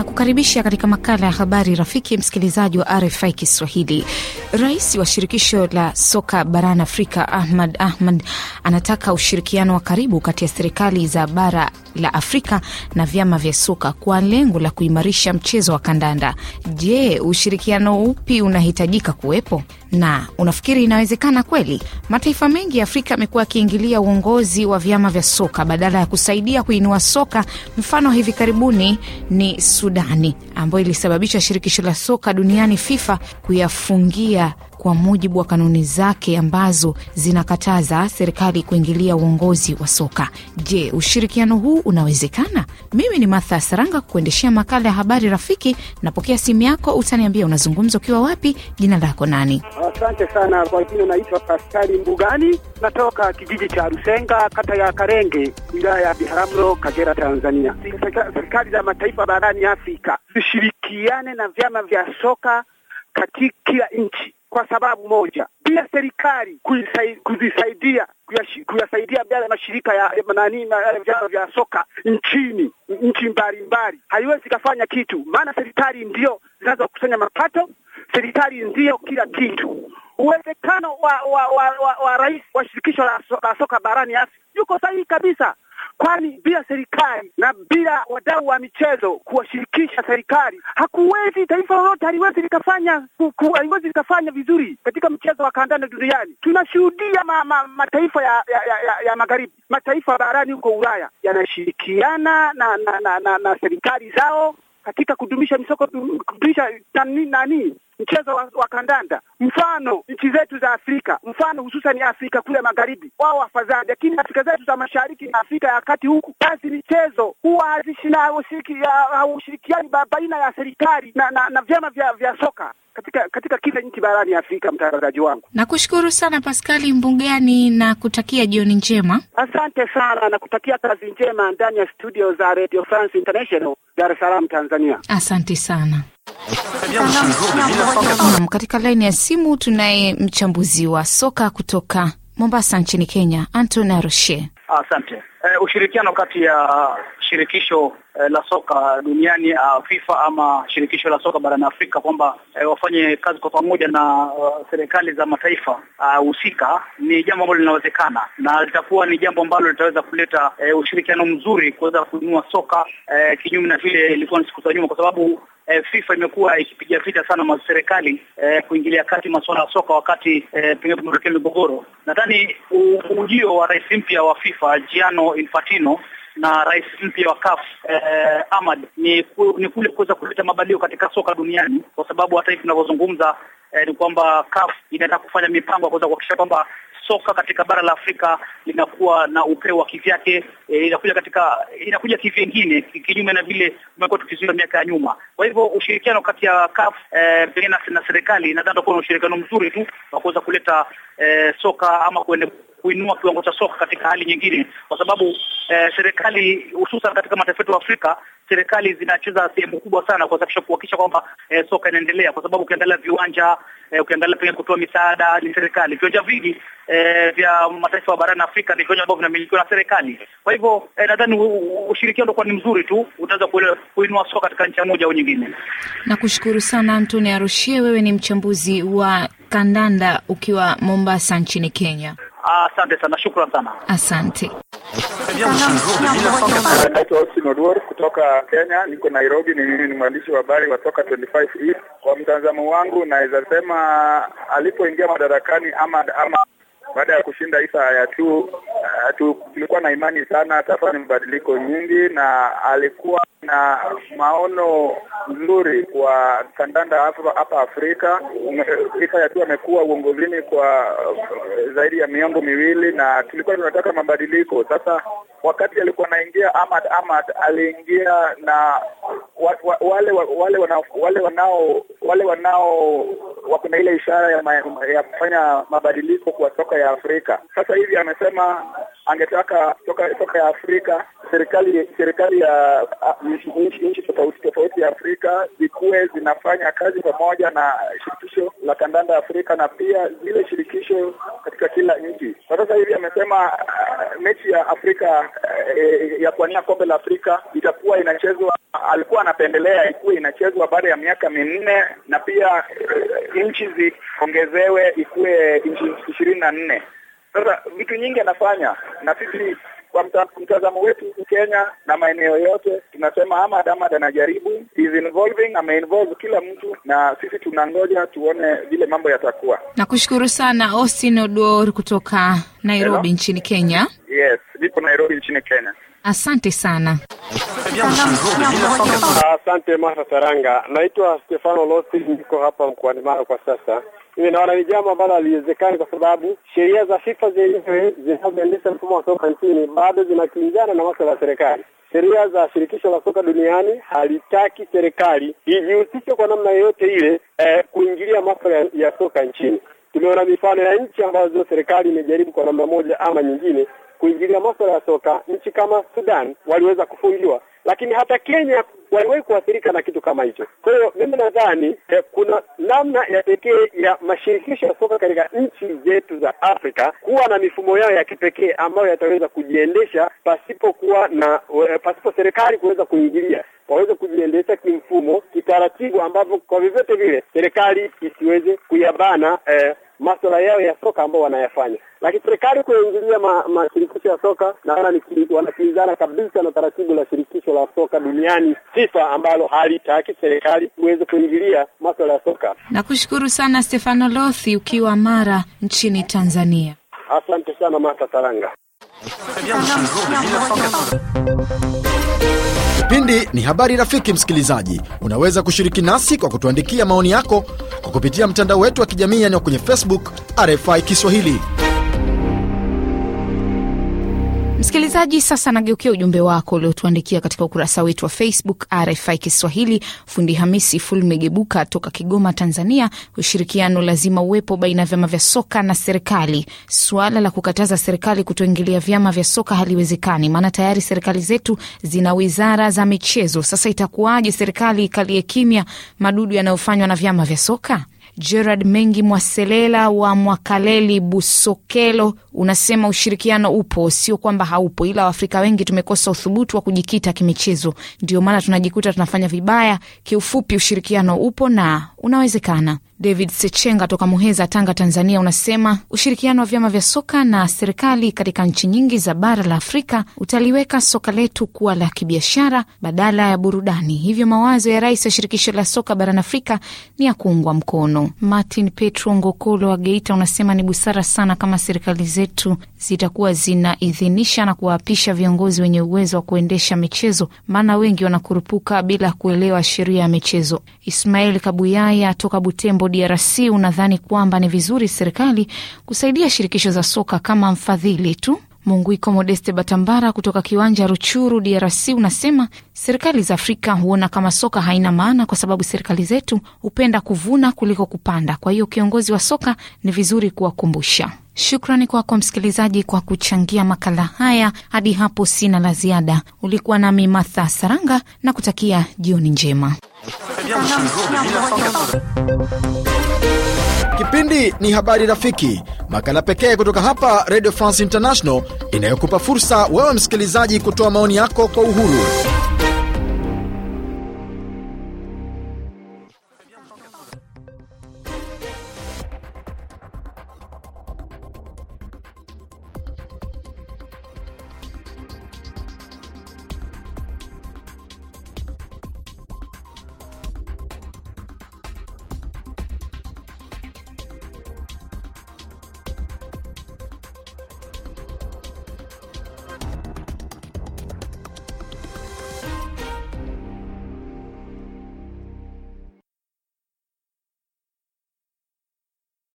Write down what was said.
na kukaribisha katika makala ya habari rafiki, msikilizaji wa RFI Kiswahili. Rais wa shirikisho la soka barani Afrika Ahmad Ahmad anataka ushirikiano wa karibu kati ya serikali za bara la Afrika na vyama vya soka kwa lengo la kuimarisha mchezo wa kandanda. Je, ushirikiano upi unahitajika kuwepo? Na unafikiri inawezekana kweli? Mataifa mengi ya Afrika yamekuwa yakiingilia uongozi wa vyama vya soka badala ya kusaidia kuinua soka. Mfano hivi karibuni ni Sudani ambayo ilisababisha shirikisho la soka duniani FIFA kuyafungia kwa mujibu wa kanuni zake ambazo zinakataza serikali kuingilia uongozi wa soka. Je, ushirikiano huu unawezekana? Mimi ni Martha Saranga kuendeshea makala ya habari rafiki. Napokea simu yako, utaniambia unazungumza ukiwa wapi, jina lako nani? Asante sana kwa jina, naitwa paskari Mbugani, natoka kijiji cha Rusenga, kata ya Karenge, wilaya ya Biharamulo, Kagera, Tanzania. Serikali za mataifa barani Afrika zishirikiane na vyama vya soka katika kila nchi kwa sababu moja, bila serikali kuzisaidia kuyasaidia yale mashirika ya nani na yale vyama vya soka nchini nchi mbalimbali, haiwezi kafanya kitu, maana serikali ndio zinazokusanya mapato, serikali ndiyo kila kitu. Uwezekano wa wa, wa, wa, wa rais wa shirikisho la soka barani Afrika yuko sahihi kabisa kwani bila serikali na bila wadau wa michezo kuwashirikisha serikali hakuwezi taifa lolote haliwezi likafanya haliwezi likafanya vizuri katika mchezo wa kandanda duniani. Tunashuhudia ma, ma, mataifa ya, ya, ya, ya magharibi, mataifa barani huko Ulaya yanashirikiana na, na, na, na, na serikali zao katika kudumisha misoko kudumisha nani, nani mchezo wa, wa kandanda, mfano nchi zetu za Afrika, mfano hususan Afrika kule magharibi, wao wafadhali, lakini Afrika zetu za mashariki na Afrika ya kati huku, basi michezo huwa haushirikiani baina ya serikali na, na, na vyama vya, vya soka katika katika kila nchi barani Afrika. Mtangazaji wangu, nakushukuru sana Paskali Mbugani na kutakia jioni njema. Asante sana na kutakia kazi njema ndani ya studio za Radio France International, Dar es Salaam, Tanzania. Asante sana katika laini ya simu tunaye mchambuzi wa soka kutoka Mombasa nchini Kenya, Anton Aroshe. Asante. E, ushirikiano kati ya shirikisho e, la soka duniani a, ah, FIFA ama shirikisho la soka barani Afrika kwamba e, wafanye kazi kwa pamoja na uh, serikali za mataifa ah, husika uh, ni jambo ambalo linawezekana na litakuwa ni jambo ambalo litaweza kuleta e, ushirikiano mzuri kuweza kuinua soka e, kinyume na vile ilikuwa siku za nyuma, kwa sababu eh, FIFA imekuwa ikipiga vita sana ma serikali eh, kuingilia kati masuala ya soka wakati eh, pengine kumetokea migogoro. Nadhani ujio wa rais mpya wa FIFA Gianno Infantino na rais mpya wa CAF eh, Ahmad ni, ku, ni kule kuweza kuleta mabadiliko katika soka duniani, kwa sababu hata hivi tunavyozungumza eh, ni kwamba CAF inataka kufanya mipango ya kuweza kuhakikisha kwamba soka katika bara la Afrika linakuwa na upeo wa kivyake, eh, inakuja katika inakuja kivyengine, kinyume na vile tumekuwa tukizuia miaka ya nyuma. Kwa hivyo ushirikiano kati ya CAF eh, na serikali nadhani utakuwa na ushirikiano mzuri tu wa kuweza kuleta eh, soka ama kuende kuinua kiwango cha soka katika hali nyingine, kwa sababu eh, serikali hususan katika mataifa yetu ya Afrika serikali zinacheza sehemu kubwa sana kuhakikisha kuhakikisha kwamba e, soka inaendelea, kwa sababu ukiangalia viwanja e, ukiangalia pia kutoa misaada ni serikali. Viwanja vingi e, vya mataifa barani Afrika ni viwanja ambavyo vinamilikiwa na serikali. Kwa hivyo e, nadhani ushirikiano kwa ni mzuri tu utaweza kuinua soka katika nchi moja au nyingine. Nakushukuru sana Antoni Arushie, wewe ni mchambuzi wa kandanda ukiwa Mombasa nchini Kenya. Asante sana, shukran sana, asante. Tabia Osinolur kutoka Kenya, niko Nairobi. Ni mimi ni mwandishi wa habari watoka 25 East. Kwa mtazamo wangu, naweza sema alipoingia madarakani ama ama baada ya kushinda Isa hatu tulikuwa na imani sana, sasa ni mabadiliko nyingi, na alikuwa na maono nzuri kwa kandanda hapa Afrika. Isa Yatu amekuwa uongozini kwa zaidi ya miongo miwili, na tulikuwa tunataka mabadiliko. Sasa wakati alikuwa anaingia Ahmad Ahmad aliingia na wa, wa, wale wa, wale wanao wale wanao wale wanao wako na ile ishara ya, ma, ya kufanya mabadiliko kwa soka ya Afrika. Sasa hivi amesema angetaka soka, soka ya Afrika serikali serikali ya nchi tofauti tofauti ya Afrika zikuwe zinafanya kazi pamoja na shirikisho la kandanda Afrika na pia zile shirikisho katika kila nchi. Kwa sasa hivi amesema uh, mechi ya Afrika uh, ya kuania kombe la Afrika itakuwa inachezwa, alikuwa anapendelea ikuwe inachezwa baada ya miaka minne na pia uh, nchi ziongezewe ikuwe nchi ishirini na nne. Sasa vitu nyingi anafanya na sisi kwa mtazamo wetu huku Kenya na maeneo yote, tunasema ama Damad anajaribu, is involving, ameinvolve kila mtu, na sisi tunangoja tuone vile mambo yatakuwa. Nakushukuru sana Austin Odor kutoka Nairobi Hello? nchini Kenya. Yes, nipo Nairobi nchini Kenya. Asante sana. Asante Martha Saranga. Naitwa Stefano Losi, niko hapa mkoani Mara kwa sasa mimi naona ni jambo ambalo haliwezekani kwa sababu sheria za FIFA zenyewe zinazoendesha mfumo wa soka nchini bado zinakinzana na maswala ya serikali. Sheria za shirikisho la soka duniani halitaki serikali ijihusishe kwa namna yoyote ile eh, kuingilia maswala ya, ya soka nchini. Tumeona mifano ya nchi ambazo serikali imejaribu kwa namna moja ama nyingine kuingilia maswala ya soka. Nchi kama Sudan waliweza kufungiwa, lakini hata Kenya waliwahi kuathirika na kitu kama hicho. Kwa hiyo mimi nadhani eh, kuna namna ya pekee ya mashirikisho ya soka katika nchi zetu za Afrika kuwa na mifumo yao ya kipekee ambayo yataweza kujiendesha pasipokuwa na eh, pasipo serikali kuweza kuingilia waweze kujiendesha kimfumo kitaratibu, ambavyo kwa vyovyote vile serikali isiweze kuyabana eh, masuala yao ya soka ambao wanayafanya, lakini serikali kuingilia mashirikisho ma ya soka naona wanakinzana kabisa na taratibu la shirikisho masuala ya soka duniani FIFA, ambalo halitaki serikali kuweze kuingilia masuala ya soka. Nakushukuru sana Stefano Lothi ukiwa Mara nchini Tanzania. Asante sana Mata Saranga. Kipindi ni habari rafiki. Msikilizaji, unaweza kushiriki nasi kwa kutuandikia maoni yako kwa kupitia mtandao wetu wa kijamii, yani kwenye Facebook RFI Kiswahili. Msikilizaji, sasa nageukia ujumbe wako uliotuandikia katika ukurasa wetu wa Facebook RFI Kiswahili. Fundi Hamisi Fulmegebuka toka Kigoma, Tanzania: ushirikiano lazima uwepo baina ya vyama vya soka na serikali. Suala la kukataza serikali kutoingilia vyama vya soka haliwezekani, maana tayari serikali zetu zina wizara za michezo. Sasa itakuwaje serikali ikalie kimya madudu yanayofanywa na vyama vya soka? Gerard Mengi Mwaselela wa Mwakaleli Busokelo unasema ushirikiano upo, sio kwamba haupo, ila Waafrika wengi tumekosa uthubutu wa kujikita kimichezo, ndio maana tunajikuta tunafanya vibaya. Kiufupi, ushirikiano upo na unawezekana. David Sechenga toka Muheza, Tanga, Tanzania, unasema ushirikiano wa vyama vya soka na serikali katika nchi nyingi za bara la Afrika utaliweka soka letu kuwa la kibiashara badala ya burudani, hivyo mawazo ya rais wa shirikisho la soka barani Afrika ni ya kuungwa mkono. Martin Petro Ngokolo wa Geita unasema ni busara sana kama serikali zetu zitakuwa zinaidhinisha na kuwaapisha viongozi wenye uwezo wa kuendesha michezo, maana wengi wanakurupuka bila kuelewa sheria ya michezo. Ismail Kabuyaya toka Butembo, DRC, unadhani kwamba ni vizuri serikali kusaidia shirikisho za soka kama mfadhili tu? Munguiko Modeste Batambara kutoka kiwanja Ruchuru, DRC, unasema serikali za Afrika huona kama soka haina maana kwa sababu serikali zetu hupenda kuvuna kuliko kupanda. Kwa hiyo kiongozi wa soka ni vizuri kuwakumbusha Shukrani kwako msikilizaji kwa kuchangia makala haya. Hadi hapo sina la ziada. Ulikuwa nami Martha Saranga na kutakia jioni njema. Kipindi ni Habari Rafiki, makala pekee kutoka hapa Radio France International inayokupa fursa wewe msikilizaji kutoa maoni yako kwa uhuru.